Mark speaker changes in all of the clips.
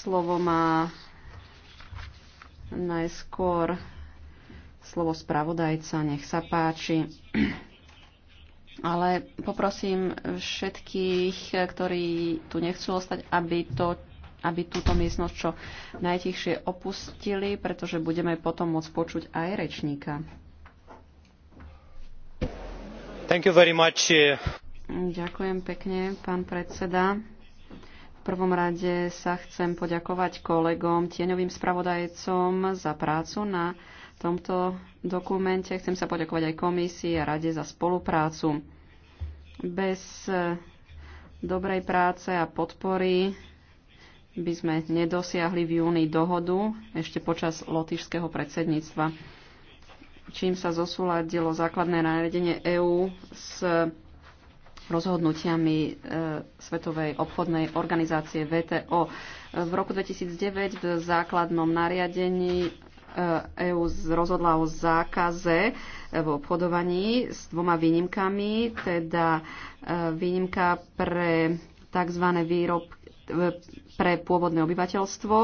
Speaker 1: Slovo má najskôr slovo spravodajca, nech sa páči. Ale poprosím všetkých, ktorí tu nechcú ostať, aby, to, aby túto miestnosť čo najtichšie opustili, pretože budeme potom môcť počuť aj rečníka.
Speaker 2: Thank you very much.
Speaker 1: Ďakujem pekne, pán predseda prvom rade sa chcem poďakovať kolegom, tieňovým spravodajcom za prácu na tomto dokumente. Chcem sa poďakovať aj komisii a rade za spoluprácu. Bez eh, dobrej práce a podpory by sme nedosiahli v júni dohodu ešte počas lotišského predsedníctva, čím sa zosúladilo základné nariadenie EÚ s rozhodnutiami e, Svetovej obchodnej organizácie VTO. V roku 2009 v základnom nariadení EÚ e rozhodla o zákaze e, v obchodovaní s dvoma výnimkami, teda výnimka pre tzv. výrobky pre pôvodné obyvateľstvo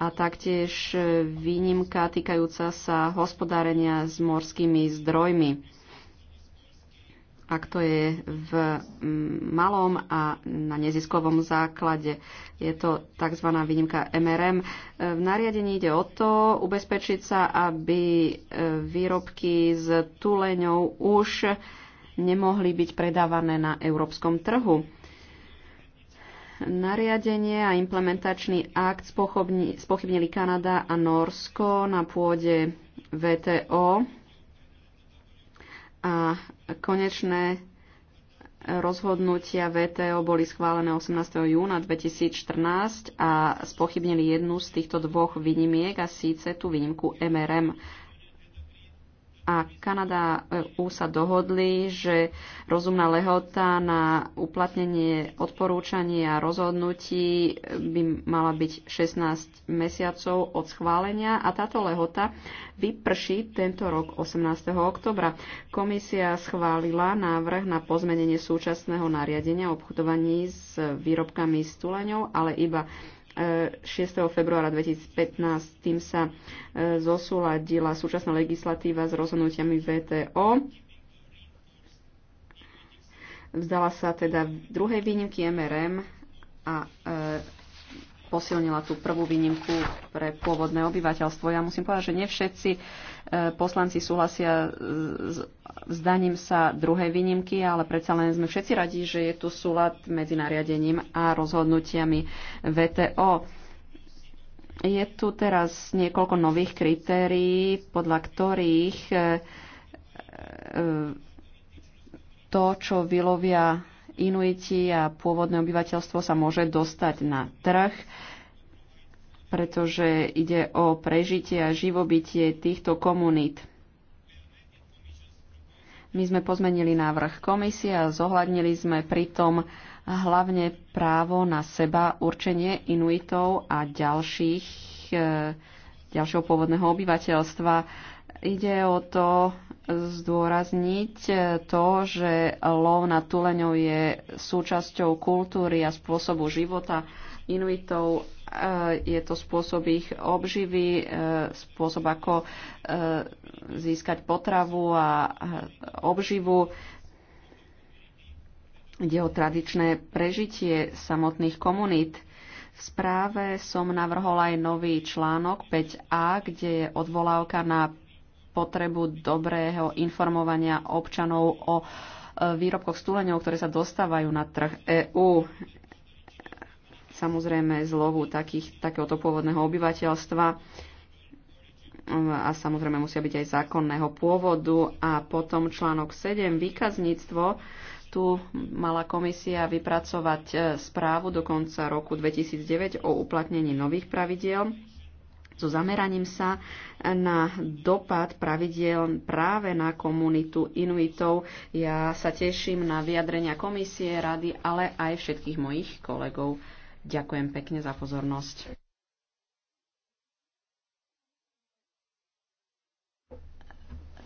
Speaker 1: a taktiež výnimka týkajúca sa hospodárenia s morskými zdrojmi ak to je v mm, malom a na neziskovom základe. Je to tzv. výnimka MRM. E, v nariadení ide o to ubezpečiť sa, aby e, výrobky s tuleňou už nemohli byť predávané na európskom trhu. Nariadenie a implementačný akt spochybnili Kanada a Norsko na pôde VTO a konečné rozhodnutia VTO boli schválené 18. júna 2014 a spochybnili jednu z týchto dvoch výnimiek a síce tú výnimku MRM a Kanada EU sa dohodli, že rozumná lehota na uplatnenie odporúčaní a rozhodnutí e, by mala byť 16 mesiacov od schválenia a táto lehota vyprší tento rok 18. oktobra. Komisia schválila návrh na pozmenenie súčasného nariadenia obchodovaní s výrobkami s tuleňou, ale iba 6. E, februára 2015. Tým sa e, zosúladila súčasná legislatíva s rozhodnutiami VTO. Vzdala sa teda druhej výnimky MRM a e, posilnila tú prvú výnimku pre pôvodné obyvateľstvo. Ja musím povedať, že nevšetci e, poslanci súhlasia s zdaním sa druhej výnimky, ale predsa len sme všetci radi, že je tu súlad medzi nariadením a rozhodnutiami VTO. Je tu teraz niekoľko nových kritérií, podľa ktorých e, e, to, čo vylovia Inuiti a pôvodné obyvateľstvo sa môže dostať na trh, pretože ide o prežitie a živobytie týchto komunít. My sme pozmenili návrh komisie a zohľadnili sme pritom hlavne právo na seba určenie Inuitov a ďalších, e, ďalšieho pôvodného obyvateľstva. Ide o to zdôrazniť to, že lov na tuleňov je súčasťou kultúry a spôsobu života Inuitov. E, je to spôsob ich obživy, e, spôsob ako e, získať potravu a obživu. Ide o tradičné prežitie samotných komunít. V správe som navrhol aj nový článok 5a, kde je odvolávka na potrebu dobrého informovania občanov o e, výrobkoch stúleňov, ktoré sa dostávajú na trh EÚ. Samozrejme zlovu takých, takéhoto pôvodného obyvateľstva a samozrejme musia byť aj zákonného pôvodu. A potom článok 7, výkazníctvo. Tu mala komisia vypracovať e, správu do konca roku 2009 o uplatnení nových pravidiel so zameraním sa na dopad pravidiel práve na komunitu Inuitov. Ja sa teším na vyjadrenia komisie, rady, ale aj všetkých mojich kolegov. Ďakujem pekne za pozornosť.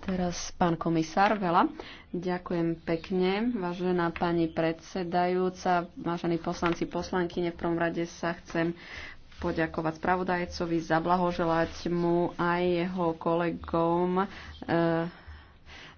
Speaker 1: Teraz pán komisár Vela. Ďakujem pekne, vážená pani predsedajúca, vážení poslanci, poslankyne. V prvom rade sa chcem poďakovať spravodajcovi, zablahoželať mu aj jeho kolegom e,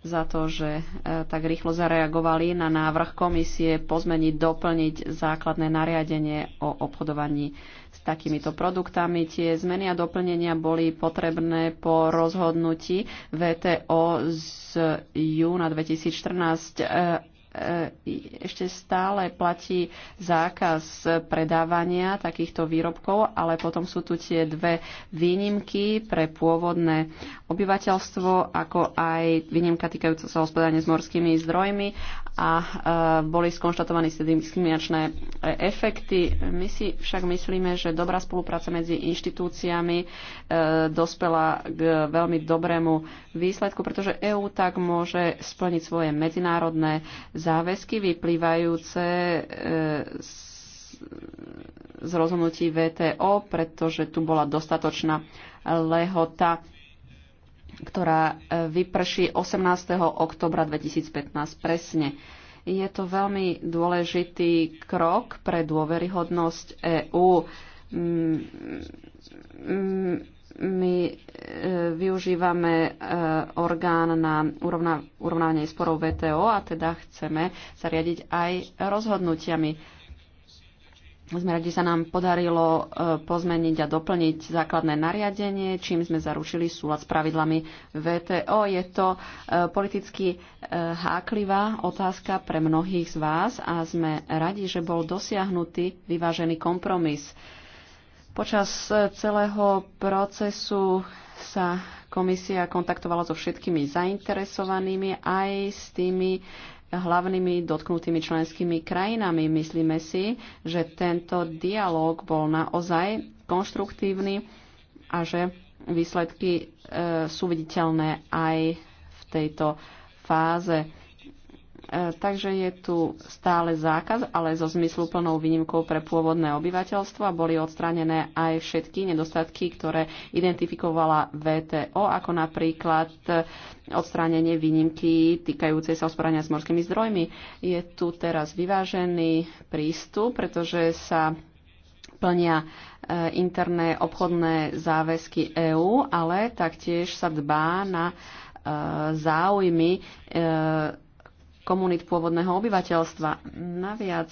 Speaker 1: za to, že e, tak rýchlo zareagovali na návrh komisie pozmeniť, doplniť základné nariadenie o obchodovaní s takýmito produktami. Tie zmeny a doplnenia boli potrebné po rozhodnutí VTO z júna 2014 E, ešte stále platí zákaz predávania takýchto výrobkov, ale potom sú tu tie dve výnimky pre pôvodné obyvateľstvo, ako aj výnimka týkajúca sa hospodárne s morskými zdrojmi a e, boli skonštatované diskriminačné e, efekty. My si však myslíme, že dobrá spolupráca medzi inštitúciami e, dospela k veľmi dobrému výsledku, pretože EÚ tak môže splniť svoje medzinárodné záväzky vyplývajúce z z rozhodnutí VTO, pretože tu bola dostatočná lehota ktorá e, vyprší 18. oktobra 2015 presne. Je to veľmi dôležitý krok pre dôveryhodnosť EÚ. Mm, mm, my e, využívame e, orgán na urovnávanie sporov VTO a teda chceme sa riadiť aj rozhodnutiami sme radi, sa nám podarilo e, pozmeniť a doplniť základné nariadenie, čím sme zarušili súlad s pravidlami VTO. Je to e, politicky e, háklivá otázka pre mnohých z vás a sme radi, že bol dosiahnutý vyvážený kompromis. Počas celého procesu sa komisia kontaktovala so všetkými zainteresovanými, aj s tými hlavnými dotknutými členskými krajinami. Myslíme si, že tento dialog bol naozaj konštruktívny a že výsledky e, sú viditeľné aj v tejto fáze E, takže je tu stále zákaz, ale so zmysluplnou výnimkou pre pôvodné obyvateľstvo a boli odstranené aj všetky nedostatky, ktoré identifikovala VTO, ako napríklad e, odstránenie výnimky týkajúcej sa osporania s morskými zdrojmi. Je tu teraz vyvážený prístup, pretože sa plnia e, interné obchodné záväzky EÚ, ale taktiež sa dbá na záujmy komunít pôvodného obyvateľstva. Naviac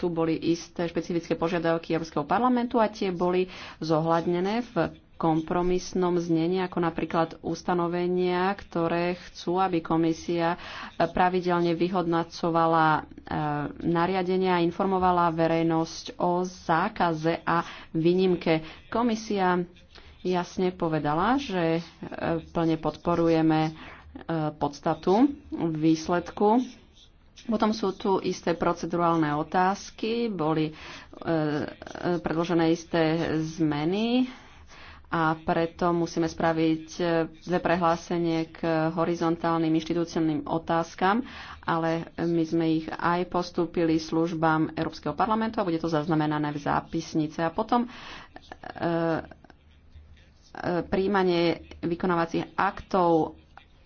Speaker 1: tu boli isté špecifické požiadavky Európskeho parlamentu a tie boli zohľadnené v kompromisnom znení, ako napríklad ustanovenia, ktoré chcú, aby komisia e, pravidelne vyhodnacovala e, nariadenia a informovala verejnosť o zákaze a výnimke. Komisia jasne povedala, že e, plne podporujeme E, podstatu výsledku. Potom sú tu isté procedurálne otázky, boli e, e, predložené isté zmeny a preto musíme spraviť dve prehlásenie k horizontálnym inštitúciálnym otázkam, ale my sme ich aj postúpili službám Európskeho parlamentu a bude to zaznamenané v zápisnice. A potom príjmanie vykonávacích aktov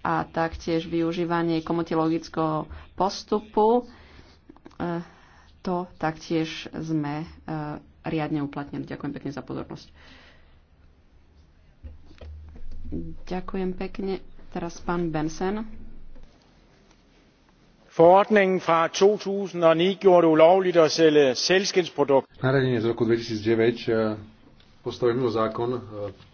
Speaker 1: a taktiež využívanie komutilologického postupu. E, to taktiež sme e, riadne uplatnili. Ďakujem pekne za pozornosť. Ďakujem pekne. Teraz pán Bensen.
Speaker 2: Forordningen fra 2009
Speaker 3: gjorde det ulovligt at sælge selskabsprodukter. Naredenie er z roku 2009 postavil mimo zákon e,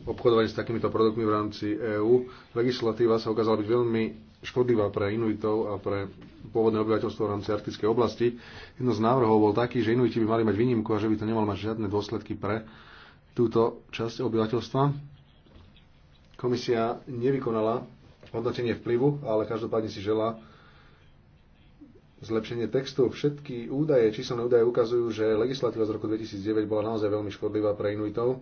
Speaker 3: obchodovanie s takýmito produktmi v rámci EÚ. Legislatíva sa ukázala byť veľmi škodlivá pre Inuitov a pre pôvodné obyvateľstvo v rámci arktickej oblasti. Jedno z návrhov bol taký, že Inuiti by mali mať výnimku a že by to nemalo mať žiadne dôsledky pre túto časť obyvateľstva. Komisia nevykonala hodnotenie vplyvu, ale každopádne si žela zlepšenie textu. Všetky údaje, číselné údaje ukazujú, že legislatíva z roku 2009 bola naozaj veľmi škodlivá pre Inuitov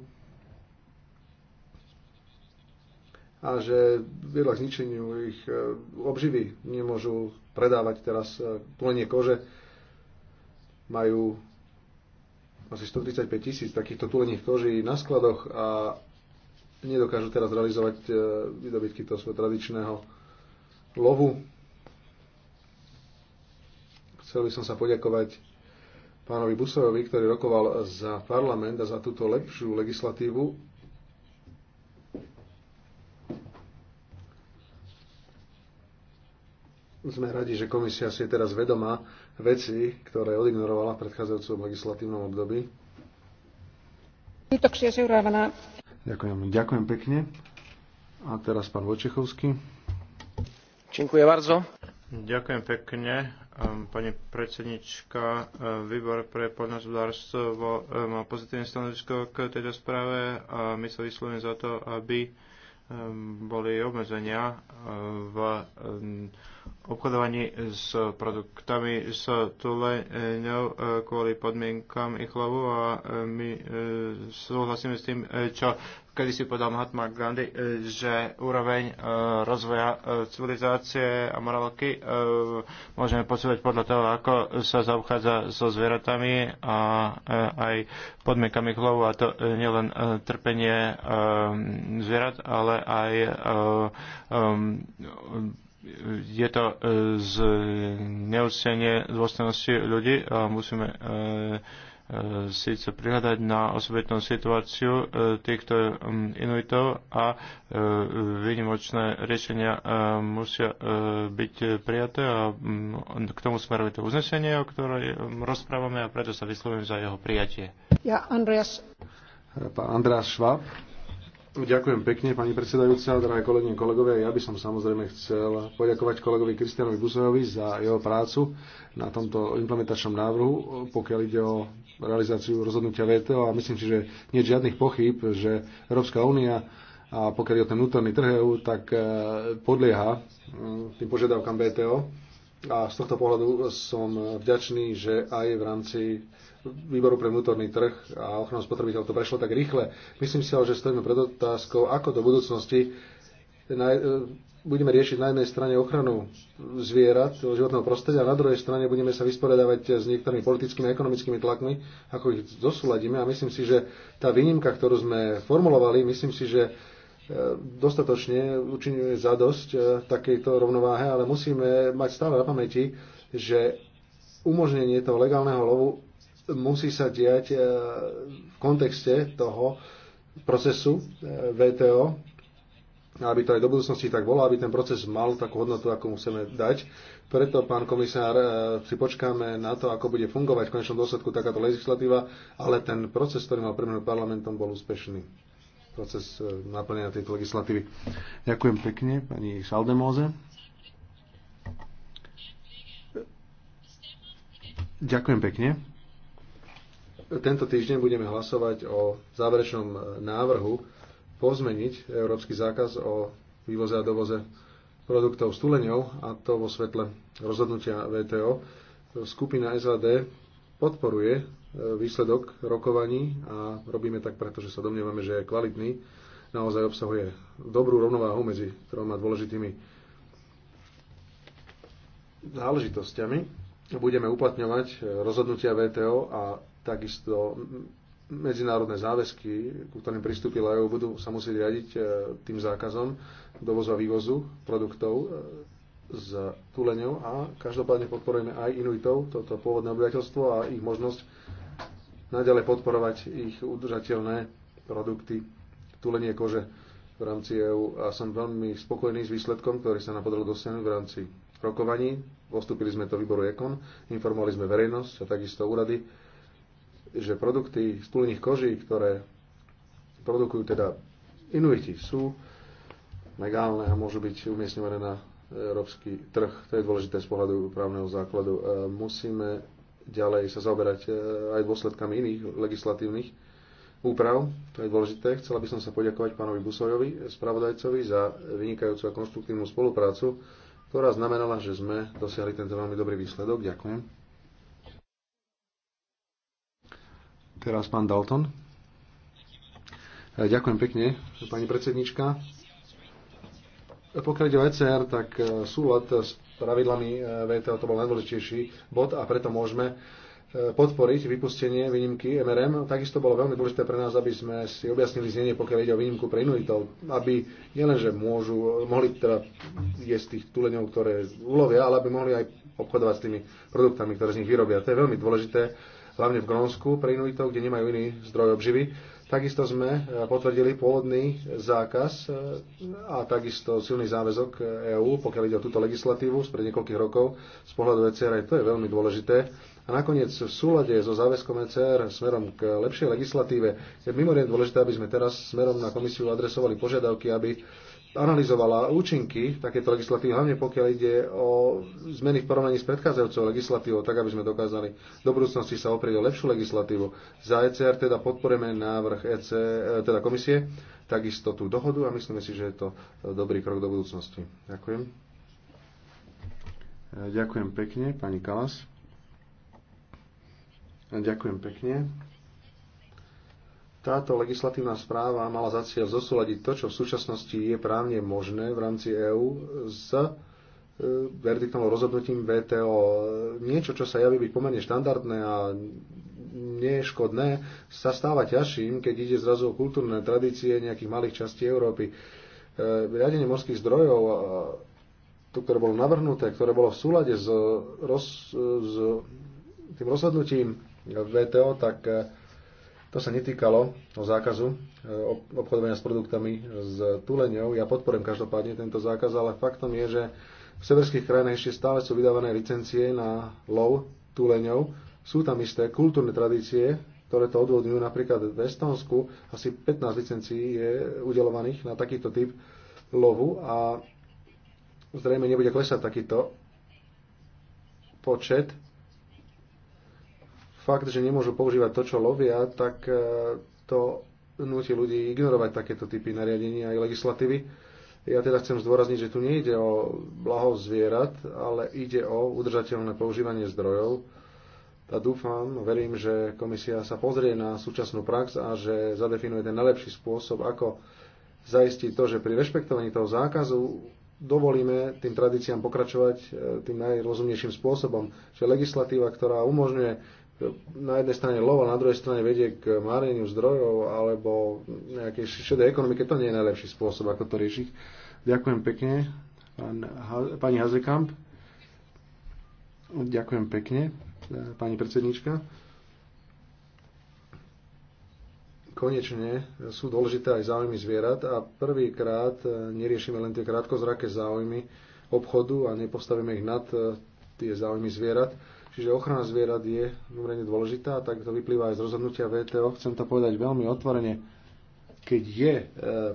Speaker 3: a že viedla k zničeniu ich e, obživy. Nemôžu predávať teraz e, plenie kože. Majú asi 135 tisíc takýchto tulených koží na skladoch a nedokážu teraz realizovať e, výdobytky toho svojho tradičného lovu Chcel by som sa poďakovať pánovi Busovovi, ktorý rokoval za parlament a za túto lepšiu legislatívu. Sme radi, že komisia si je teraz vedomá veci, ktoré odignorovala v predchádzajúcom legislatívnom období. Ďakujem, ďakujem pekne. A teraz pán Vojčechovský.
Speaker 2: Ďakujem bardzo. Ďakujem pekne. Ehm, pani predsednička, ehm, výbor pre poľnohospodárstvo ehm, má pozitívne stanovisko k tejto správe a my sa vyslovíme za to, aby boli obmedzenia v obchodovaní s produktami s tuleňou e, kvôli podmienkam ich lovu a e, my e, súhlasíme s tým, čo kedy si povedal Mahatma Gandhi, že úroveň rozvoja civilizácie a morálky môžeme posúvať podľa toho, ako sa zaobchádza so zvieratami a aj podmienkami hlavu a to nielen trpenie zvierat, ale aj je to e, z neustenie dôstojnosti ľudí a musíme e, e, síce prihľadať na osobitnú situáciu týchto inuitov a výnimočné riešenia musia byť prijaté a k tomu smeruje to uznesenie, o ktorom rozprávame a preto sa vyslovujem za jeho prijatie.
Speaker 3: Ja, Andreas. Pán Andreas Schwab. Ďakujem pekne, pani predsedajúca, drahé kolegyne, kolegovia. Ja by som samozrejme chcel poďakovať kolegovi Kristianovi Buzojovi za jeho prácu na tomto implementačnom návrhu, pokiaľ ide o realizáciu rozhodnutia VTO a myslím si, že nie je žiadnych pochyb, že Európska únia a pokiaľ je o ten vnútorný trh EU, tak e, podlieha mm, tým požiadavkám VTO. A z tohto pohľadu som vďačný, že aj v rámci výboru pre vnútorný trh a ochranu spotrebiteľov to prešlo tak rýchle. Myslím si ale, že stojíme pred otázkou, ako do budúcnosti eh, eh, budeme riešiť na jednej strane ochranu zvierat, životného prostredia, a na druhej strane budeme sa vysporiadavať s niektorými politickými a ekonomickými tlakmi, ako ich zosúladíme. A myslím si, že tá výnimka, ktorú sme formulovali, myslím si, že eh, dostatočne za zadosť takejto rovnováhe, ale musíme mať stále na pamäti, že umožnenie toho legálneho lovu musí sa diať e, v kontexte toho procesu e, VTO, aby to aj do budúcnosti tak bolo, aby ten proces mal takú hodnotu, ako musíme dať. Preto, pán komisár, e, si počkáme na to, ako bude fungovať v konečnom dôsledku takáto legislatíva, ale ten proces, ktorý mal premenu parlamentom, bol úspešný. Proces naplnenia tejto legislatívy. Ďakujem pekne, pani Šaldemóze. Ďakujem pekne. Tento týždeň budeme hlasovať o záverečnom e, návrhu pozmeniť európsky zákaz o vývoze a dovoze produktov s tuleňou, a to vo svetle rozhodnutia VTO. Skupina SAD podporuje e, výsledok rokovaní a robíme tak, pretože sa domnievame, že je kvalitný, naozaj obsahuje dobrú rovnováhu medzi troma dôležitými záležitosťami. Budeme uplatňovať e, rozhodnutia VTO a Takisto medzinárodné záväzky, ku ktorým pristúpila EU, budú sa musieť riadiť e, tým zákazom dovozu a vývozu produktov z e, tuleňov a každopádne podporujeme aj Inuitov, toto pôvodné obyvateľstvo a ich možnosť naďalej podporovať ich udržateľné produkty tulenie kože v rámci EÚ a som veľmi spokojný s výsledkom, ktorý sa nám podarilo dosiahnuť v rámci rokovaní. Postupili sme to výboru EKON, informovali sme verejnosť a takisto úrady že produkty z tuliných koží, ktoré produkujú teda inuiti, sú legálne a môžu byť umiestňované na európsky trh. To je dôležité z pohľadu právneho základu. E, musíme ďalej sa zaoberať e, aj dôsledkami iných legislatívnych úprav. To je dôležité. Chcela by som sa poďakovať pánovi Busojovi, spravodajcovi, za vynikajúcu a konštruktívnu spoluprácu, ktorá znamenala, že sme dosiahli tento veľmi dobrý výsledok. Ďakujem. Teraz pán Dalton. E, ďakujem pekne, pani predsednička. E, pokiaľ ide o ECR, tak e, súlad s pravidlami VTO to bol najdôležitejší bod a preto môžeme podporiť vypustenie výnimky MRM. Takisto bolo veľmi dôležité pre nás, aby sme si objasnili znenie, pokiaľ ide o výnimku pre inuitov, aby nielenže môžu, mohli teda jesť tých tuleňov, ktoré ulovia, ale aby mohli aj obchodovať s tými produktami, ktoré z nich vyrobia. To je veľmi dôležité hlavne v Grónsku, pre Inuitov, kde nemajú iný zdroj obživy. Takisto sme eh, potvrdili pôvodný zákaz eh, a takisto silný záväzok eh, EÚ, pokiaľ ide o túto legislatívu spred niekoľkých rokov z pohľadu ECR, to je veľmi dôležité. A nakoniec v súlade so záväzkom ECR smerom k lepšej legislatíve je mimoriadne dôležité, aby sme teraz smerom na komisiu adresovali požiadavky, aby analyzovala účinky takéto legislatívy, hlavne pokiaľ ide o zmeny v porovnaní s predchádzajúcou legislatívou, tak aby sme dokázali do budúcnosti sa oprieť o lepšiu legislatívu. Za ECR teda podporujeme návrh EC, e, teda komisie, takisto tú dohodu a myslíme si, že je to dobrý krok do budúcnosti. Ďakujem. E, ďakujem pekne, pani Kalas. E, ďakujem pekne. Táto legislatívna správa mala za cieľ zosúľadiť to, čo v súčasnosti je právne možné v rámci EÚ s e, verdiktom rozhodnutím VTO. Niečo, čo sa javí byť pomerne štandardné a neškodné, sa stáva ťažším, keď ide zrazu o kultúrne tradície nejakých malých častí Európy. E, riadenie morských zdrojov, to, ktoré bolo navrhnuté, ktoré bolo v súlade s, roz, s tým rozhodnutím VTO, tak e, to sa netýkalo o zákazu e, obchodovania s produktami s tuleňou. Ja podporujem každopádne tento zákaz, ale faktom je, že v severských krajinách ešte stále sú vydávané licencie na lov tuleňov. Sú tam isté kultúrne tradície, ktoré to odvodňujú. Napríklad v Estonsku asi 15 licencií je udelovaných na takýto typ lovu a zrejme nebude klesať takýto počet fakt, že nemôžu používať to, čo lovia, tak e, to núti ľudí ignorovať takéto typy nariadenia aj legislatívy. Ja teda chcem zdôrazniť, že tu nejde o blaho zvierat, ale ide o udržateľné používanie zdrojov. A dúfam, verím, že komisia sa pozrie na súčasnú prax a že zadefinuje ten najlepší spôsob, ako zaistiť to, že pri rešpektovaní toho zákazu dovolíme tým tradíciám pokračovať e, tým najrozumnejším spôsobom. Čiže legislatíva, ktorá umožňuje na jednej strane lovo, na druhej strane vedie k máreniu zdrojov alebo nejakej šedej ekonomike. To nie je najlepší spôsob, ako to riešiť. Ďakujem pekne, pán, pani Hazekamp. Ďakujem pekne, pani predsednička. Konečne sú dôležité aj záujmy zvierat a prvýkrát neriešime len tie krátkozraké záujmy obchodu a nepostavíme ich nad tie záujmy zvierat Čiže ochrana zvierat je mimoriadne dôležitá, tak to vyplýva aj z rozhodnutia VTO. Chcem to povedať veľmi otvorene. Keď je e,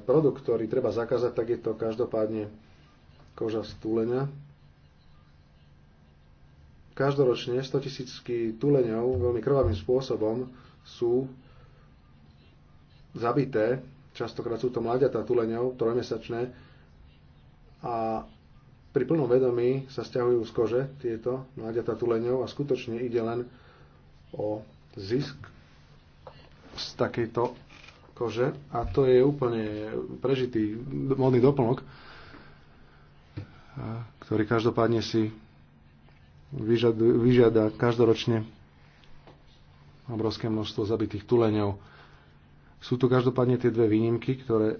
Speaker 3: produkt, ktorý treba zakázať, tak je to každopádne koža z túlenia. Každoročne 100 tisícky túleňov veľmi krvavým spôsobom sú zabité. Častokrát sú to mladiatá túleňov, trojmesačné. A pri plnom vedomí sa stiahujú z kože tieto mláďatá tuleňov a skutočne ide len o zisk z takejto kože a to je úplne prežitý modný doplnok, ktorý každopádne si vyžiada každoročne obrovské množstvo zabitých tuleňov. Sú tu každopádne tie dve výnimky, ktoré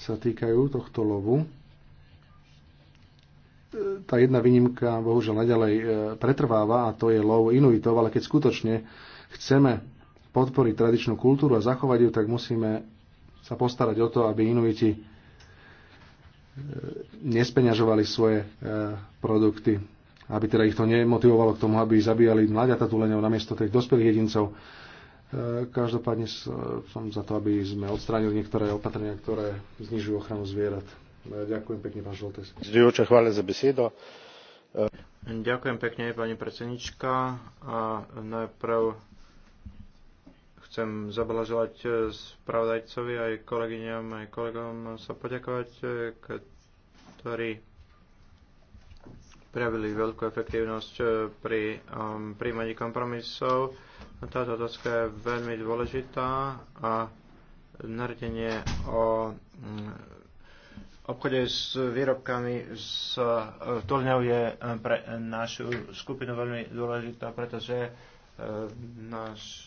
Speaker 3: sa týkajú tohto lovu tá jedna výnimka bohužiaľ naďalej e, pretrváva a to je lov Inuitov, ale keď skutočne chceme podporiť tradičnú kultúru a zachovať ju, tak musíme sa postarať o to, aby Inuiti e, nespeňažovali svoje e, produkty, aby teda ich to nemotivovalo k tomu, aby zabíjali mladiatá tuleňov namiesto tých dospelých jedincov. Každopádne som za to, aby sme odstránili niektoré opatrenia, ktoré znižujú ochranu zvierat. Ďakujem pekne, pán Chvále za besedo.
Speaker 2: Ďakujem pekne, pani predsednička. A najprv chcem zablaželať spravodajcovi aj kolegyňam, aj kolegom sa poďakovať, ktorí prejavili veľkú efektívnosť pri um, príjmaní kompromisov. Táto otázka je veľmi dôležitá a nariadenie o um, obchode s výrobkami z e, turňou je e, pre našu skupinu veľmi dôležitá, pretože e, náš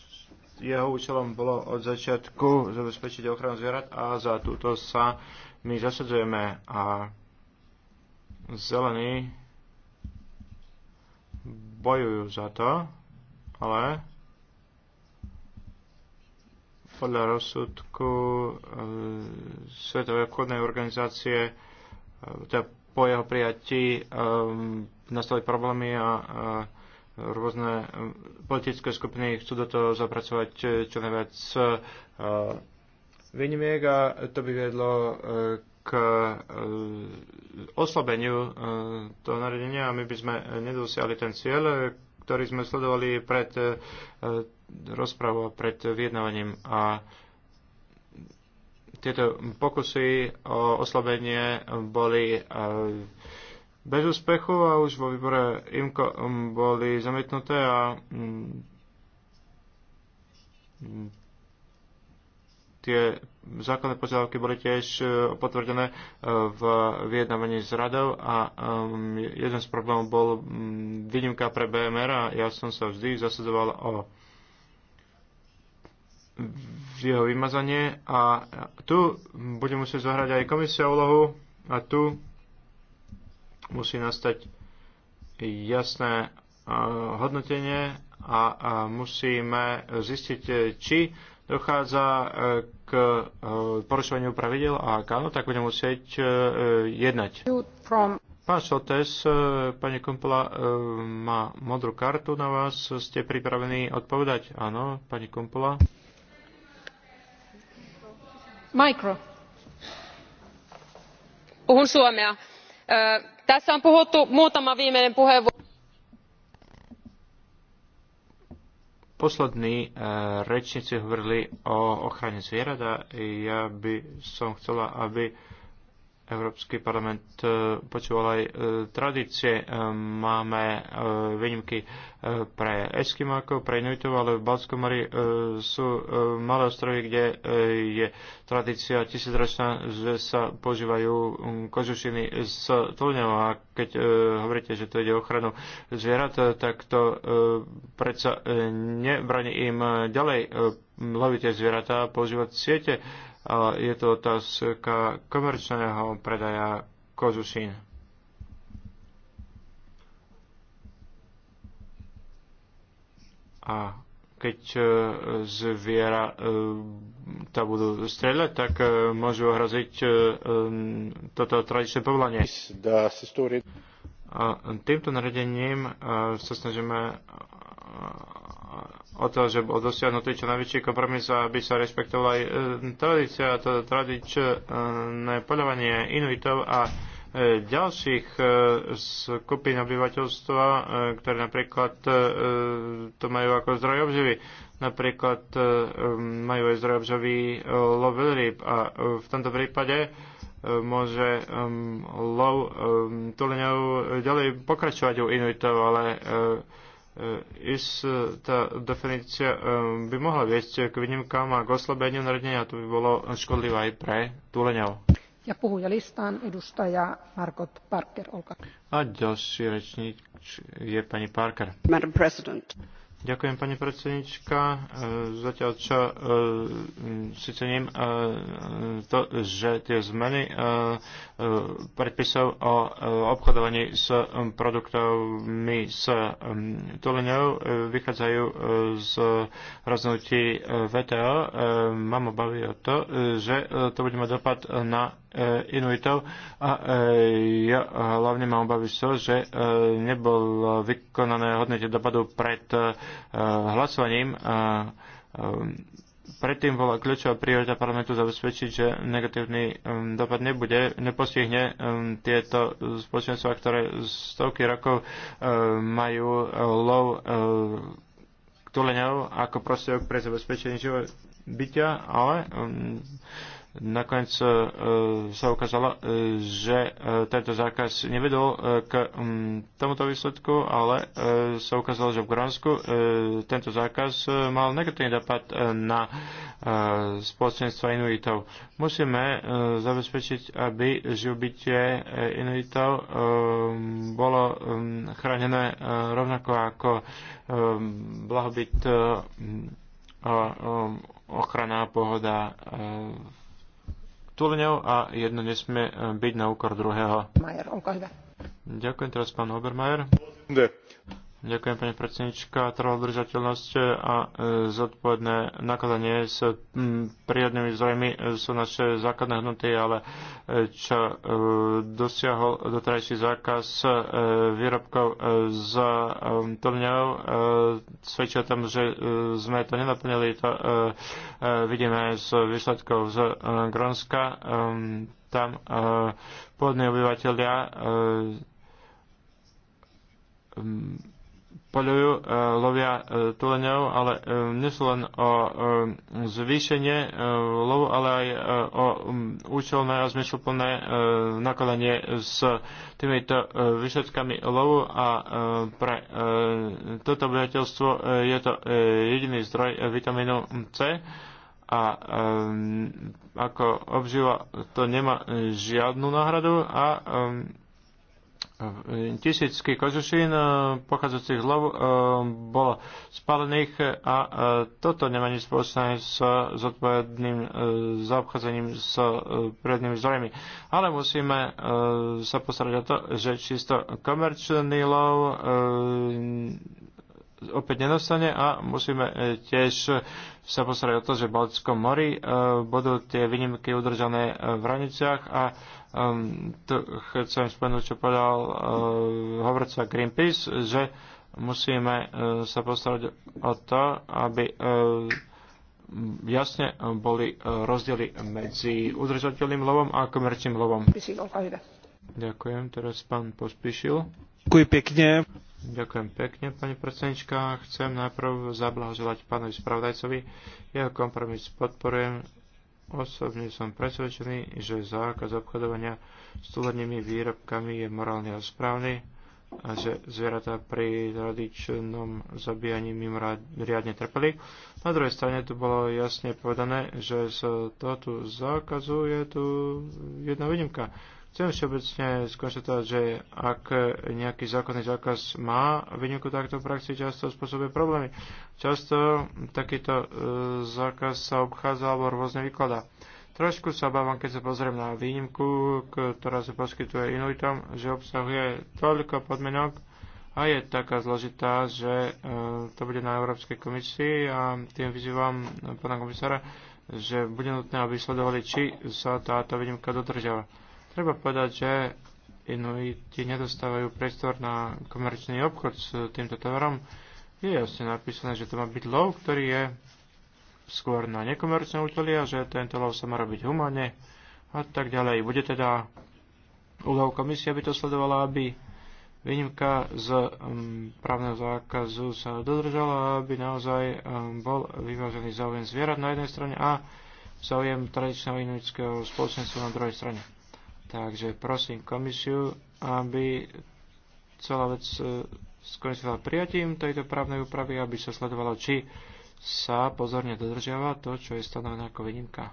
Speaker 2: jeho účelom bolo od začiatku zabezpečiť ochranu zvierat a za túto sa my zasadzujeme a zelení bojujú za to, ale podľa rozsudku eh, Svetovej obchodnej organizácie eh, teda po jeho prijatí eh, nastali problémy a rôzne politické skupiny chcú do toho zapracovať čo najviac výnimiek a to by viedlo k oslabeniu toho nariadenia a my by sme nedosiahli ten cieľ, ktorý sme sledovali pred e, e, rozpravou a pred vyjednávaním. A tieto pokusy o oslabenie boli e, bez úspechu a už vo výbore IMCO boli zamietnuté a tie základné požiadavky boli tiež e, potvrdené e, v vyjednávaní s radou a um, jeden z problémov bol výnimka pre BMR a ja som sa vždy zasadzoval o jeho vymazanie a tu bude musieť zohrať aj komisia úlohu a tu musí nastať jasné e, hodnotenie a musíme zistiť, či dochádza e, k e, porušovaniu pravidel a ak áno, tak budeme musieť e, jednať. Pán Sotes, pani Kompola má modrú kartu na vás. Ste pripravení odpovedať? Áno, pani Kompola.
Speaker 1: Mikro. Puhun suomea. Tässä on puhuttu muutama viimeinen puheenvuoro.
Speaker 2: Poslední eh, rečníci hovorili o ochrane zvierat a ja by som chcela, aby Európsky parlament e, počúval aj e, tradície. E, máme výnimky pre Eskimákov, pre Inuitov, ale v Balskom mori sú malé ostrovy, kde je tradícia tisícročná, že sa používajú mm, kožušiny s tlňou. a keď hovoríte, že to ide o ochranu zvierat, tak to predsa nebraní im ďalej loviť tie zvieratá a používať siete je to otázka komerčného predaja kožušín. A keď e, zviera e, tá budú streľať, tak e, môžu ohroziť toto tradičné povolanie. A týmto naredením sa snažíme o to, že bol dosiahnutý čo najväčší kompromis a aby sa rešpektovala aj e, tradícia, to tradičné poľovanie inuitov a e, ďalších e, skupín obyvateľstva, ktoré napríklad to majú ako zdroj obživy. Napríklad majú aj zdroj obživy lov ryb. a v tomto prípade môže lov tuleňov ďalej pokračovať u inuitov, ale Eh, is eh, tá definícia eh, by mohla viesť k výnimkám a k oslabeniu narodenia. To by bolo škodlivé aj pre túleňov.
Speaker 1: Ja listán edustaja Margot Parker, olkaa.
Speaker 2: A ďalší rečník je pani Parker. Madam President. Ďakujem, pani predsednička. E, zatiaľ čo e, si cením e, to, že tie zmeny predpisov o obchodovaní s um, produktami s um, tuleňou vychádzajú z rozhodnutí VTO. Mám obavy o to, že to bude mať dopad na E, inuitov a e, ja hlavne mám obavy z toho, že e, nebol vykonané hodnotie dopadu pred hlasovaním predtým bola kľúčová priorita parlamentu zabezpečiť, že negatívny dopad nebude, nepostihne tieto spoločenstva, ktoré stovky rokov majú lov tuleňov ako prostriedok pre zabezpečenie bytia, ale um, nakoniec e, sa ukázalo, e, že e, tento zákaz nevedol k tomuto výsledku, ale sa ukázalo, že v Grónsku tento zákaz mal negatívny dopad na spoločenstva Inuitov. Musíme zabezpečiť, aby živobytie Inuitov bolo chránené rovnako ako blahobyt ochrana a pohoda v túlňov a jedno nesmie e, byť na úkor druhého. Majer, olko hyvä. Ďakujem teraz pán Obermajer. Ďakujem, pani predsednička. držateľnosť a e, zodpovedné nakladanie s prírodnými zdrojmi e, sú naše základné hnuty, ale e, čo dosiahol dotrajší zákaz výrobkov z torňov, svedčí o tom, že sme to nenaplnili. To vidíme z výsledkov z Grónska. Tam pôvodní obyvateľia poľujú, e, lovia e, tuleňov, ale e, nesú len o zvýšenie lovu, ale aj o účelné a zmysluplné nakladanie s týmito výsledkami lovu a pre toto obyvateľstvo je to jediný zdroj vitamínu C a ako obživa to nemá žiadnu náhradu a tisícky kožušín eh, pochádzajúcich hlav eh, bolo spálených a eh, toto nemá nič spoločné s zodpovedným zaobchádzaním s prírodnými zdrojmi. Ale musíme sa postarať o to, že čisto komerčný lov opäť nedostane a musíme tiež sa postarať o to, že v Baltickom mori budú tie výnimky udržané v hraniciach a um, to chcem spomenúť, čo povedal uh, hovorca Greenpeace, že musíme uh, sa postarať o to, aby uh, jasne boli rozdiely medzi udržateľným lovom a komerčným lovom. Ďakujem, teraz pán pospíšil. Ďakujem pekne. Ďakujem pekne, pani predsednička. Chcem najprv zablahoželať pánovi spravodajcovi. Jeho kompromis podporujem Osobne som presvedčený, že zákaz obchodovania s túlernými výrobkami je morálne a správny a že zvieratá pri tradičnom zabíjaní mimo riadne trpeli. Na druhej strane tu bolo jasne povedané, že z tohoto zákazu je tu jedna výnimka Chcem všeobecne skonštatovať, že ak nejaký zákonný zákaz má výnimku takto v praxi, často spôsobuje problémy. Často takýto e, zákaz sa obchádza alebo rôzne vykladá. Trošku sa obávam, keď sa pozriem na výnimku, ktorá sa poskytuje Inuitom, že obsahuje toľko podmienok a je taká zložitá, že e, to bude na Európskej komisii a tým vyzývam pána komisára, že bude nutné, aby sledovali, či sa táto výnimka dodržiava Treba povedať, že Inuiti nedostávajú priestor na komerčný obchod s týmto tovarom. Je jasne napísané, že to má byť lov, ktorý je skôr na nekomerčné útely a že tento lov sa má robiť humane a tak ďalej. Bude teda úlohou komisie by to sledovala, aby výnimka z um, právneho zákazu sa dodržala, aby naozaj um, bol vyvážený záujem zvierat na jednej strane a záujem tradičného inuitského spoločenstva na druhej strane. Takže prosím komisiu, aby celá vec e, skončila prijatím tejto právnej úpravy, aby sa sledovalo, či sa pozorne dodržiava to, čo je stanovené ako výnimka.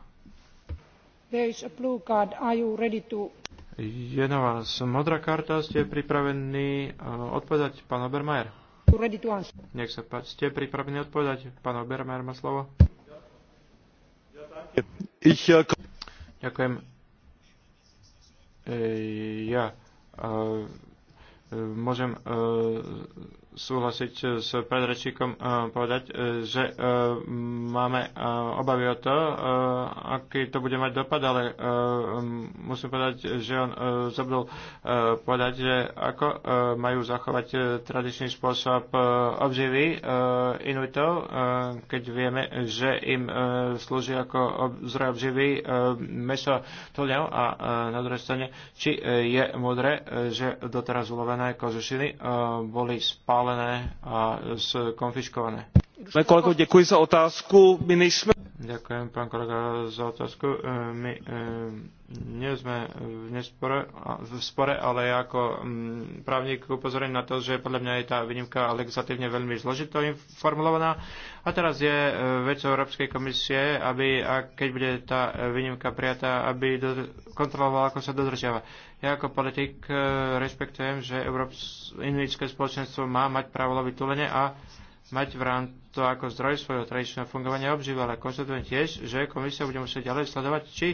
Speaker 2: Je na vás modrá karta, ste pripravení e, odpovedať, pán Obermajer? Nech sa páči, ste pripravení odpovedať, pán Obermajer má slovo? Äh, Ďakujem. E, ja e, môžem e, súhlasiť e, s predrečníkom e, povedať, e, že máme obavy o to, aký to bude mať dopad, ale musím povedať, že on zabudol povedať, že ako majú zachovať tradičný spôsob obživy Inuitov, keď vieme, že im slúži ako zdroj obživy meso tlňov a na druhej strane, či je modré, že doteraz ulovené kožušiny boli spálené spálené a skonfiškované ďakujem pán kolega, za otázku. E, my e, nie sme v, nespore, v spore, ale ja ako právnik upozorím na to, že podľa mňa je tá výnimka legislatívne veľmi zložito formulovaná. A teraz je e, vecou Európskej komisie, aby, a keď bude tá výnimka prijatá, aby do, kontrolovala, ako sa dodržiava. Ja ako politik rešpektujem, že Európske spoločenstvo má mať právo loviť tulene a mať v rámci to ako zdroj svojho tradičného fungovania obžíva, ale konštatujem tiež, že komisia bude musieť ďalej sledovať, či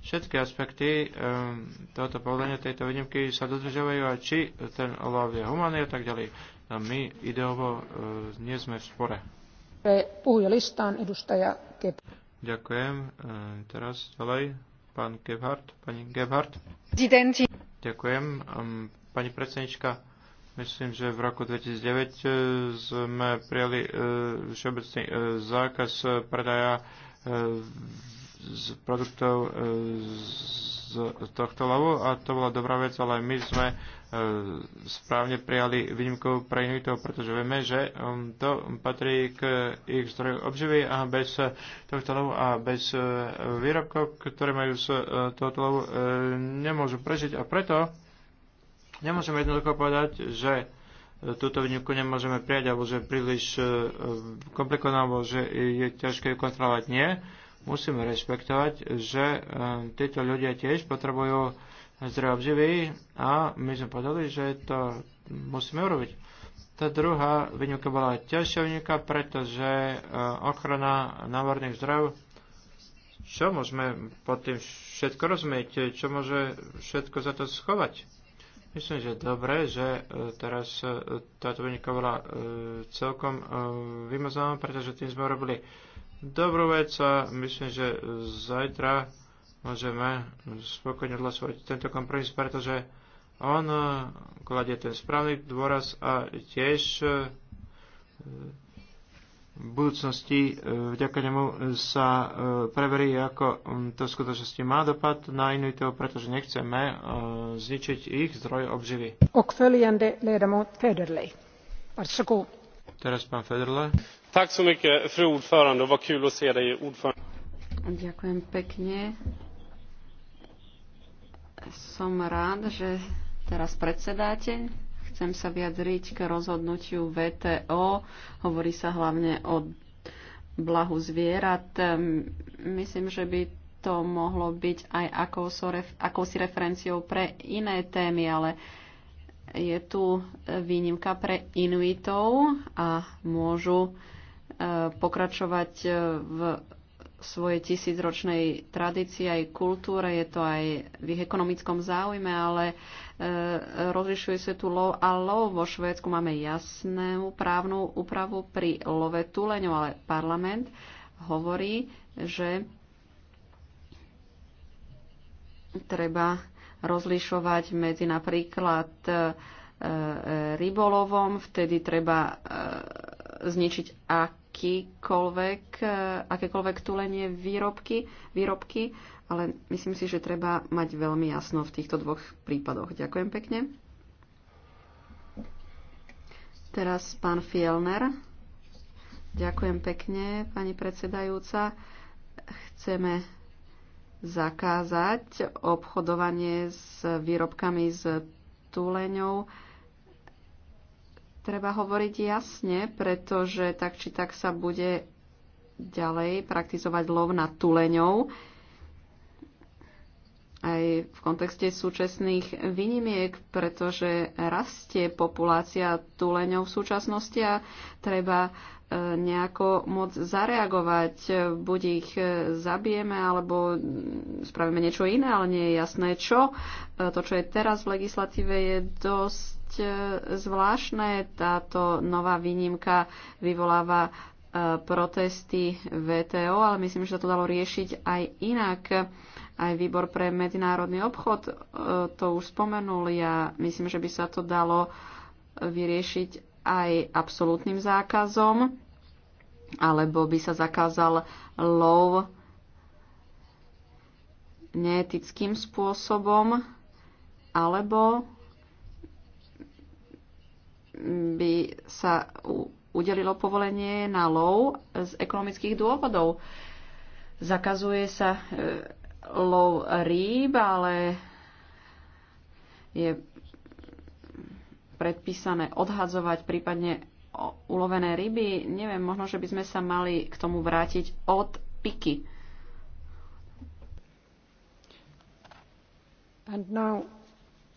Speaker 2: všetky aspekty um, tohoto povolenia, tejto výnimky sa dodržiavajú a či ten olov je humánny a tak ďalej. A no my ideovo uh, nie sme v spore. Ďakujem. Uh, teraz ďalej pán Gebhardt, pani Gebhardt. Ďakujem. Um, pani predsednička, Myslím, že v roku 2009 e, sme prijali e, všeobecný e, zákaz predaja z produktov z tohto lavu a to bola dobrá vec, ale my sme správne prijali výnimku pre inuitov, pretože vieme, že um, to patrí k ich zdroju obživy a bez tohto lovu a bez výrobkov, ktoré majú z tohto lovu, nemôžu prežiť a preto Nemôžeme jednoducho povedať, že e, túto výnimku nemôžeme prijať, alebo že je príliš e, e, komplikovaná, alebo že je ťažké ju kontrolovať. Nie. Musíme rešpektovať, že títo ľudia tiež potrebujú zdroj obživy a my sme povedali, že to musíme urobiť. Tá druhá výnimka bola ťažšia výnimka, pretože ochrana návorných zdrojov čo môžeme pod tým všetko rozumieť, čo môže všetko za to schovať. Myslím, že dobre, že e, teraz e, táto vynika bola e, celkom vymazaná, pretože tým sme robili dobrú vec a myslím, že zajtra môžeme spokojne odhlasovať tento kompromis, pretože on kladie ten správny dôraz a tiež v budúcnosti e, vďaka nemu e, sa e, preverí, ako to v skutočnosti má dopad na Inuitov, pretože nechceme zničiť ich zdroj obživy. Teraz pán Federle. Tak fru
Speaker 1: Ďakujem pekne. Som rád, že teraz predsedáte Chcem sa vyjadriť k rozhodnutiu VTO. Hovorí sa hlavne o blahu zvierat. Myslím, že by to mohlo byť aj akousi referenciou pre iné témy, ale je tu výnimka pre Inuitov a môžu e, pokračovať e, v svojej tisícročnej tradícii aj kultúre, je to aj v ich ekonomickom záujme, ale e, rozlišuje sa tu lov a lov. Vo Švédsku máme jasnú právnu úpravu pri love tuleňov, ale parlament hovorí, že treba rozlišovať medzi napríklad e, e rybolovom, vtedy treba e, zničiť ak akýkoľvek, eh, akékoľvek tulenie výrobky, výrobky, ale myslím si, že treba mať veľmi jasno v týchto dvoch prípadoch. Ďakujem pekne. Teraz pán Fielner. Ďakujem pekne, pani predsedajúca. Chceme zakázať obchodovanie s výrobkami z tuleňou treba hovoriť jasne, pretože tak či tak sa bude ďalej praktizovať lov na tuleňov aj v kontexte súčasných výnimiek, pretože rastie populácia tuleňov v súčasnosti a treba e, nejako moc zareagovať. Buď ich e, zabijeme, alebo mm, spravíme niečo iné, ale nie je jasné čo. E, to, čo je teraz v legislatíve, je dosť dosť e, zvláštne. Táto nová výnimka vyvoláva e, protesty VTO, ale myslím, že sa to dalo riešiť aj inak. Aj výbor pre medzinárodný obchod e, to už spomenul. Ja myslím, že by sa to dalo vyriešiť aj absolútnym zákazom, alebo by sa zakázal lov neetickým spôsobom, alebo by sa udelilo povolenie na lov z ekonomických dôvodov. Zakazuje sa e, lov rýb, ale je predpísané odhadzovať prípadne ulovené ryby. Neviem, možno, že by sme sa mali k tomu vrátiť od piky. And now,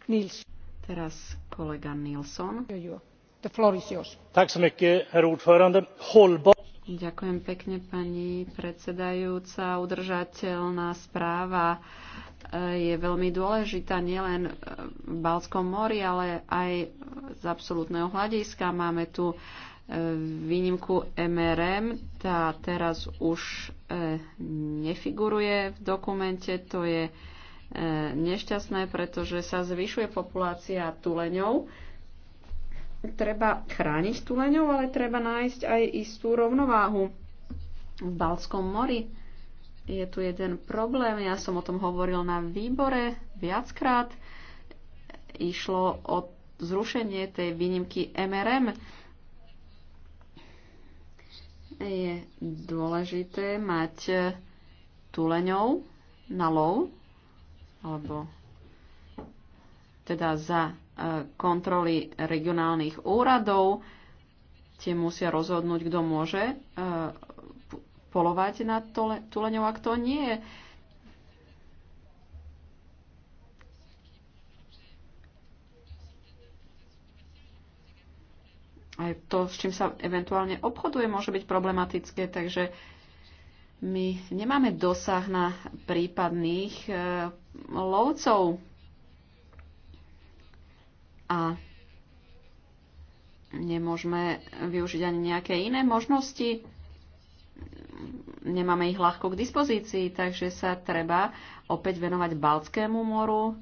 Speaker 1: Nils. Teraz kolega Nilsson. are. Ďakujem pekne, pani predsedajúca. Udržateľná správa eh, je veľmi dôležitá nielen eh, v Baltskom mori, ale aj z absolútneho hľadiska. Máme tu eh, výnimku MRM, tá teraz už nefiguruje v dokumente, to je nešťastné, pretože sa zvyšuje populácia tuleňov treba chrániť tuleňov, ale treba nájsť aj istú rovnováhu. V Balskom mori je tu jeden problém, ja som o tom hovoril na výbore viackrát. Išlo o zrušenie tej výnimky MRM. Je dôležité mať tuleňov na lov, alebo teda za kontroly regionálnych úradov. Tie musia rozhodnúť, kto môže e, polovať na tuleňov a kto nie. Aj to, s čím sa eventuálne obchoduje, môže byť problematické, takže my nemáme dosah na prípadných e, lovcov a nemôžeme využiť ani nejaké iné možnosti. Nemáme ich ľahko k dispozícii, takže sa treba opäť venovať Baltskému moru,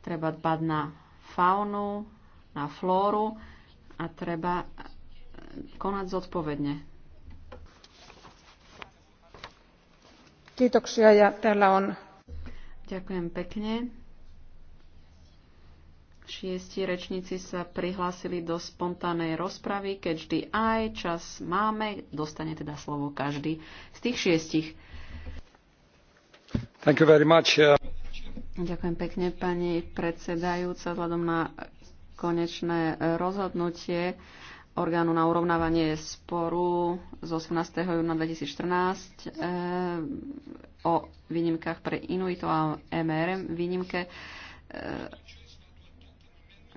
Speaker 1: treba dbať na faunu, na flóru a treba konať zodpovedne. Kiitoksia ja täällä on. Ďakujem pekne. Šiesti rečníci sa prihlásili do spontánej rozpravy, keď vždy aj čas máme, dostane teda slovo každý z tých šiestich. Thank you very much. Uh, Ďakujem pekne, pani predsedajúca, vzhľadom na konečné rozhodnutie orgánu na urovnávanie sporu z 18. júna 2014 e, eh, o výnimkách pre Inuitov a MRM výnimke e,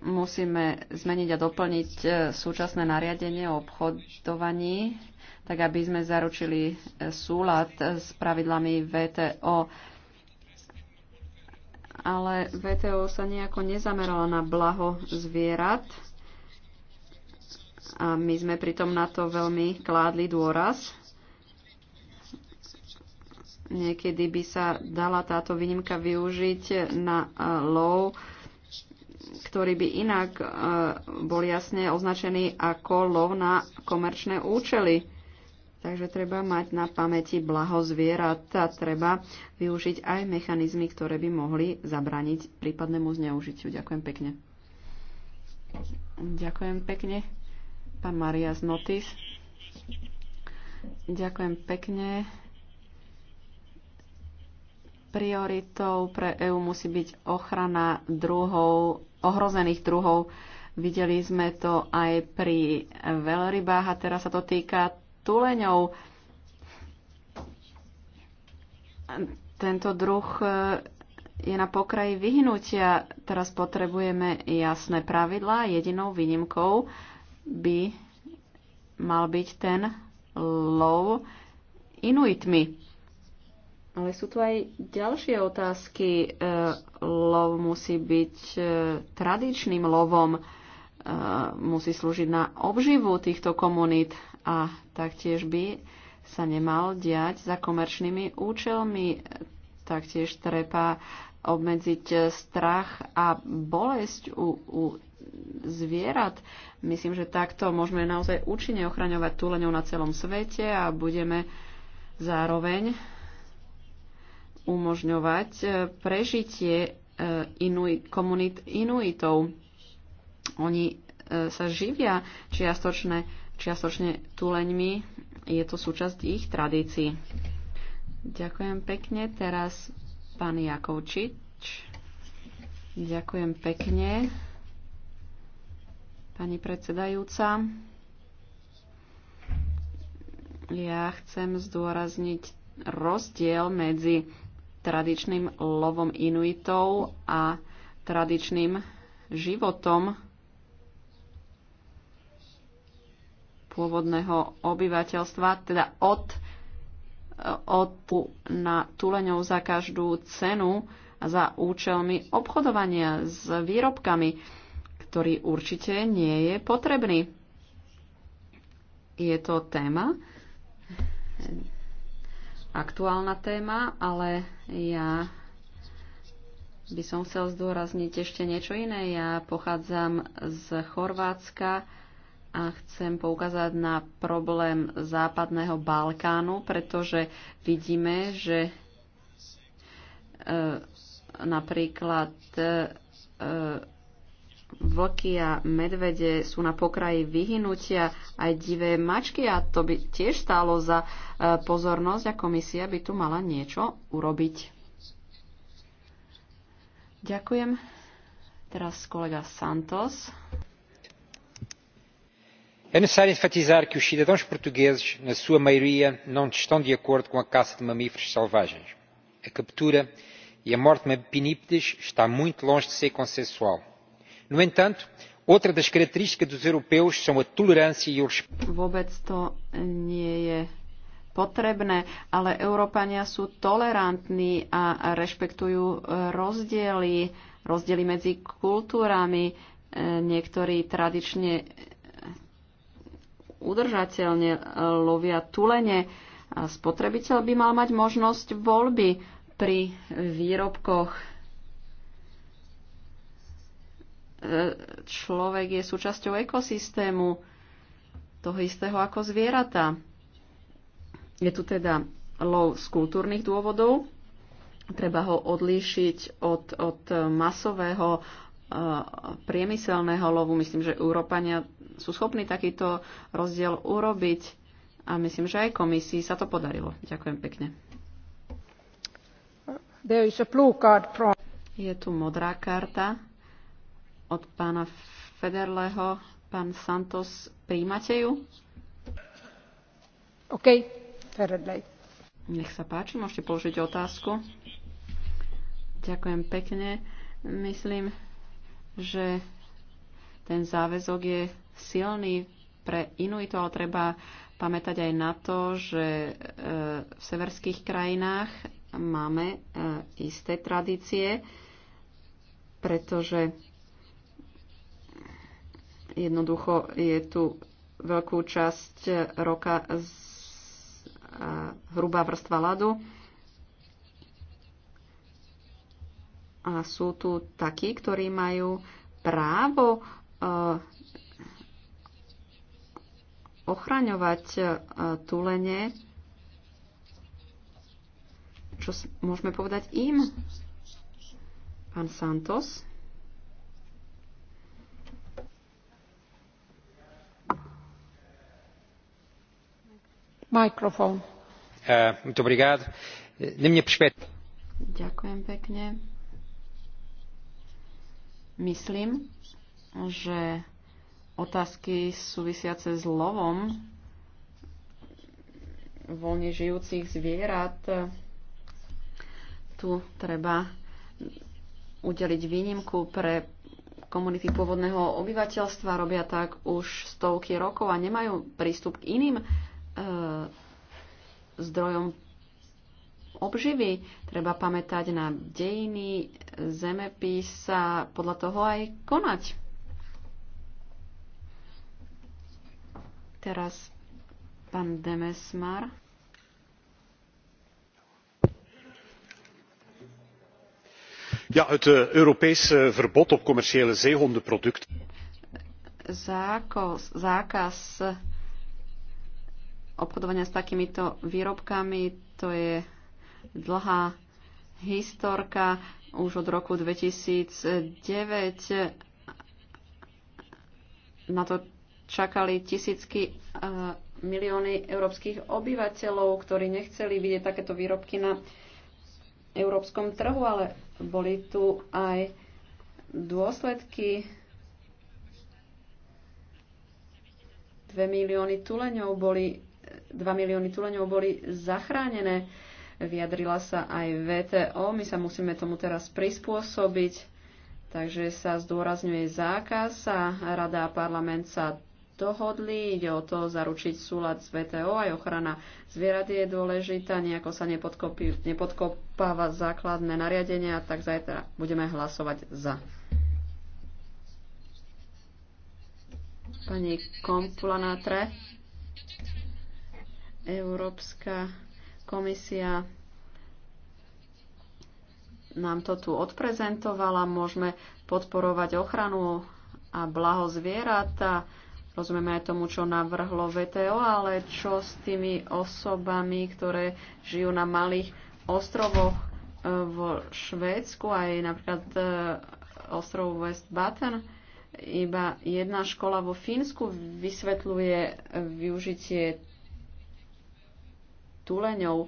Speaker 1: musíme zmeniť a doplniť e, súčasné nariadenie o obchodovaní, tak aby sme zaručili e, súlad e, s pravidlami VTO. Ale VTO sa nejako nezameralo na blaho zvierat a my sme pritom na to veľmi kládli dôraz. Niekedy by sa dala táto výnimka využiť na low ktorí by inak e, bol jasne označený ako lov na komerčné účely. Takže treba mať na pamäti blaho zvierat a treba využiť aj mechanizmy, ktoré by mohli zabraniť prípadnému zneužitiu. Ďakujem pekne. Ďakujem pekne. Pán Maria Notis. Ďakujem pekne. Prioritou pre EÚ musí byť ochrana druhov ohrozených druhov. Videli sme to aj pri veľrybách a teraz sa to týka tuleňov. Tento druh e, je na pokraji vyhnutia. Teraz potrebujeme jasné pravidlá. Jedinou výnimkou by mal byť ten lov inuitmi. Ale sú tu aj ďalšie otázky. E, lov musí byť e, tradičným lovom, e, musí slúžiť na obživu týchto komunít a taktiež by sa nemal diať za komerčnými účelmi. Taktiež treba obmedziť strach a bolesť u, u zvierat. Myslím, že takto môžeme naozaj účinne ochraňovať túleňov na celom svete a budeme zároveň umožňovať e, prežitie e, komunit inuitov. Oni e, sa živia čiastočne, čiastočne tuleňmi, je to súčasť ich tradícií. Ďakujem pekne. Teraz pán Jakovčič. Ďakujem pekne. Pani predsedajúca, ja chcem zdôrazniť rozdiel medzi tradičným lovom Inuitov a tradičným životom pôvodného obyvateľstva, teda od, od na tuleňov za každú cenu a za účelmi obchodovania s výrobkami, ktorý určite nie je potrebný. Je to téma, aktuálna téma, ale ja by som chcel zdôrazniť ešte niečo iné. Ja pochádzam z Chorvátska a chcem poukázať na problém západného Balkánu, pretože vidíme, že e, napríklad e, Vlky a medvede sú na pokraji vyhnutia, aj divé mačky a to by tiež stálo za e, pozornosť a komisia by tu mala niečo urobiť. Ďakujem. Teraz kolega Santos.
Speaker 2: É necessário enfatizar que os cidadãos portugueses, na sua maioria, não estão de acordo com a caça de mamíferos selvagens. A captura e a morte de pinípedes está muito longe de ser consensual No entanto, outra das características dos europeus são a tolerância e o respeito.
Speaker 1: Vôbec to nie je potrebné, ale Európania sú tolerantní a rešpektujú rozdiely, rozdiely medzi kultúrami. E, niektorí tradične udržateľne lovia tulene. spotrebiteľ by mal mať možnosť voľby pri výrobkoch človek je súčasťou ekosystému toho istého ako zvieratá. Je tu teda lov z kultúrnych dôvodov, treba ho odlíšiť od, od masového eh, priemyselného lovu. Myslím, že Európania sú schopní takýto rozdiel urobiť a myslím, že aj komisii sa to podarilo. Ďakujem pekne. Je tu modrá karta od pána Federleho. Pán Santos, príjmate ju? OK, Federlej. Nech sa páči, môžete položiť otázku. Ďakujem pekne. Myslím, že ten záväzok je silný pre Inuitu, ale treba pamätať aj na to, že e, v severských krajinách máme e, isté tradície, pretože Jednoducho je tu veľkú časť roka z, a, hrubá vrstva ľadu. A sú tu takí, ktorí majú právo a, e, ochraňovať e, tulene, čo môžeme povedať im? Pán Santos. Eh, Ďakujem pekne. Myslím, že otázky súvisiace s lovom voľne žijúcich zvierat tu treba udeliť výnimku pre komunity pôvodného obyvateľstva. Robia tak už stovky rokov a nemajú prístup k iným e, zdrojom obživy. Treba pamätať na dejiny, zemepis a podľa toho aj konať. Teraz pán Demesmar.
Speaker 3: Ja, het uh, eh, Europese eh, verbod op commerciële zeehondenproducten.
Speaker 1: Zákaz, zákaz obchodovania s takýmito výrobkami. To je dlhá historka už od roku 2009. Na to čakali tisícky e, milióny európskych obyvateľov, ktorí nechceli vidieť takéto výrobky na európskom trhu, ale boli tu aj dôsledky. 2 milióny tuleňov boli 2 milióny tuleňov boli zachránené. Vyjadrila sa aj VTO, my sa musíme tomu teraz prispôsobiť, takže sa zdôrazňuje zákaz a Rada a parlament sa dohodli, ide o to zaručiť súlad s VTO, aj ochrana zvierat je dôležitá, nejako sa nepodkopáva základné nariadenia, tak zajtra budeme hlasovať za. Pani Kompulanátre. Európska komisia nám to tu odprezentovala. Môžeme podporovať ochranu a blaho zvierat a rozumieme aj tomu, čo navrhlo VTO, ale čo s tými osobami, ktoré žijú na malých ostrovoch e, vo Švédsku, aj napríklad e, ostrov West Batten. Iba jedna škola vo Fínsku vysvetľuje využitie túleňov.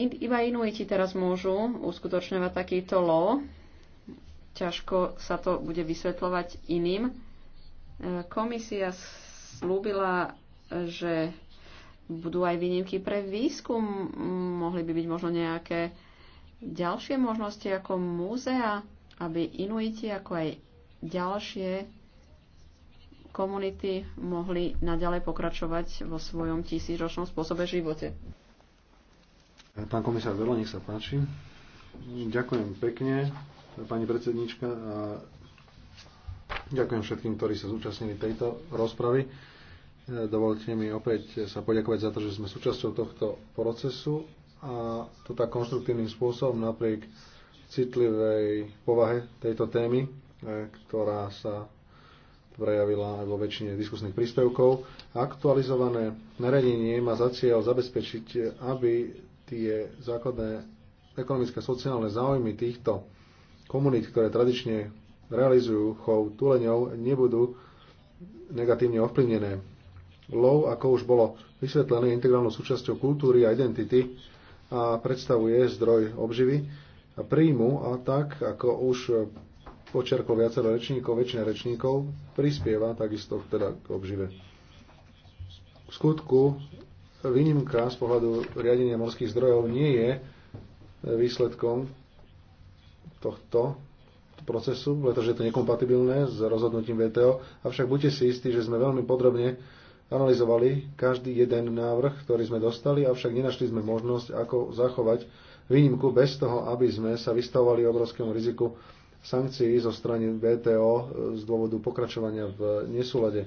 Speaker 1: Iba Inuiti teraz môžu uskutočňovať takýto lov. Ťažko sa to bude vysvetľovať iným. E, komisia slúbila, že budú aj výnimky pre výskum. Mohli by byť možno nejaké ďalšie možnosti ako múzea, aby Inuiti ako aj ďalšie komunity mohli naďalej pokračovať vo svojom tisícročnom spôsobe živote.
Speaker 3: Pán komisár Verla, nech sa páči. Ďakujem pekne, pani predsednička, a ďakujem všetkým, ktorí sa zúčastnili tejto rozpravy. Dovolte mi opäť sa poďakovať za to, že sme súčasťou tohto procesu a to tak konštruktívnym spôsobom napriek citlivej povahe tejto témy, e, ktorá sa prejavila aj vo väčšine diskusných príspevkov. Aktualizované nariadenie má za cieľ zabezpečiť, aby tie základné ekonomické a sociálne záujmy týchto komunít, ktoré tradične realizujú chov tuleňov, nebudú negatívne ovplyvnené. Lov, ako už bolo vysvetlené, integrálnou súčasťou kultúry a identity a predstavuje zdroj obživy a príjmu a tak, ako už počiarkol viacero rečníkov, väčšina rečníkov, prispieva takisto teda k obžive. V skutku výnimka z pohľadu riadenia morských zdrojov nie je výsledkom tohto procesu, pretože je to nekompatibilné s rozhodnutím VTO. Avšak buďte si istí, že sme veľmi podrobne analyzovali každý jeden návrh, ktorý sme dostali, avšak nenašli sme možnosť, ako zachovať výnimku bez toho, aby sme sa vystavovali obrovskému riziku sankcií zo strany VTO e, z dôvodu pokračovania v nesúlade.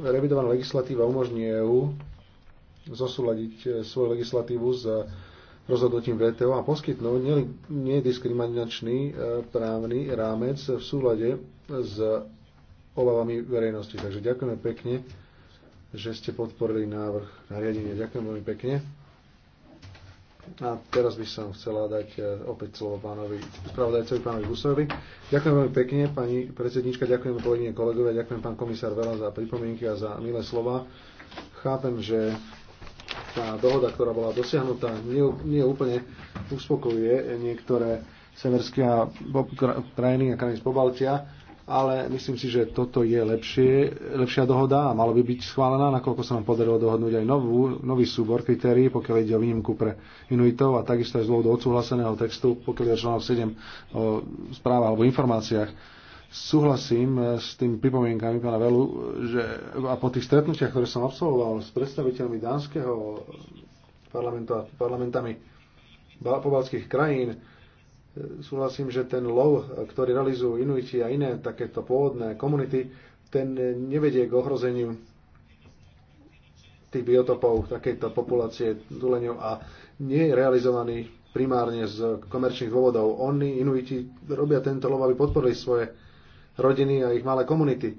Speaker 3: Revidovaná legislatíva umožní EÚ zosúľadiť e, svoju legislatívu s rozhodnutím VTO a poskytnúť nediskriminačný e, právny rámec v súlade s obavami verejnosti. Takže ďakujeme pekne, že ste podporili návrh nariadenia. Ďakujem veľmi pekne. A teraz by som chcela dať e, opäť slovo pánovi spravodajcovi, pánovi Busovi. Ďakujem veľmi pekne, pani predsednička, ďakujem kolegyne, kolegovia, ďakujem pán komisár veľa za pripomienky a za milé slova. Chápem, že tá dohoda, ktorá bola dosiahnutá, nie, nie úplne uspokojuje niektoré severské krajiny a krajiny z Pobaltia ale myslím si, že toto je lepšie, lepšia dohoda a malo by byť schválená, nakoľko sa nám podarilo dohodnúť aj novú, nový súbor kritérií, pokiaľ ide o výnimku pre Inuitov a takisto aj z dôvodu odsúhlaseného textu, pokiaľ je článok 7 o správach alebo informáciách. Súhlasím e, s tým pripomienkami pána Velu, že a po tých stretnutiach, ktoré som absolvoval s predstaviteľmi dánskeho parlamentu a parlamentami pobalských krajín, súhlasím, že ten lov, ktorý realizujú Inuiti a iné takéto pôvodné komunity, ten nevedie k ohrozeniu tých biotopov takejto populácie duleňov a nie je realizovaný primárne z komerčných dôvodov. Oni, Inuiti, robia tento lov, aby podporili svoje rodiny a ich malé komunity.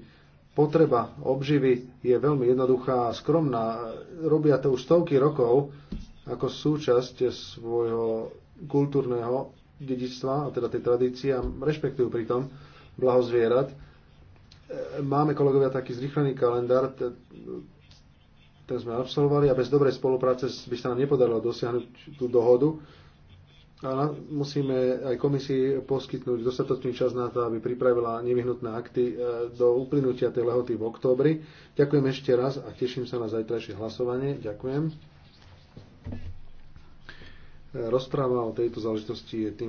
Speaker 3: Potreba obživy je veľmi jednoduchá a skromná. Robia to už stovky rokov ako súčasť svojho kultúrneho dedičstva, a teda tej tradície a rešpektujú pritom blaho zvierat. E, máme, kolegovia, taký zrychlený kalendár, ten sme absolvovali a bez dobrej spolupráce by sa nám nepodarilo dosiahnuť tú dohodu. A musíme aj komisii poskytnúť dostatočný čas na to, aby pripravila nevyhnutné akty e, do uplynutia tej lehoty v októbri. Ďakujem ešte raz a teším sa na zajtrajšie hlasovanie. Ďakujem. E, rozpráva o tejto záležitosti je tým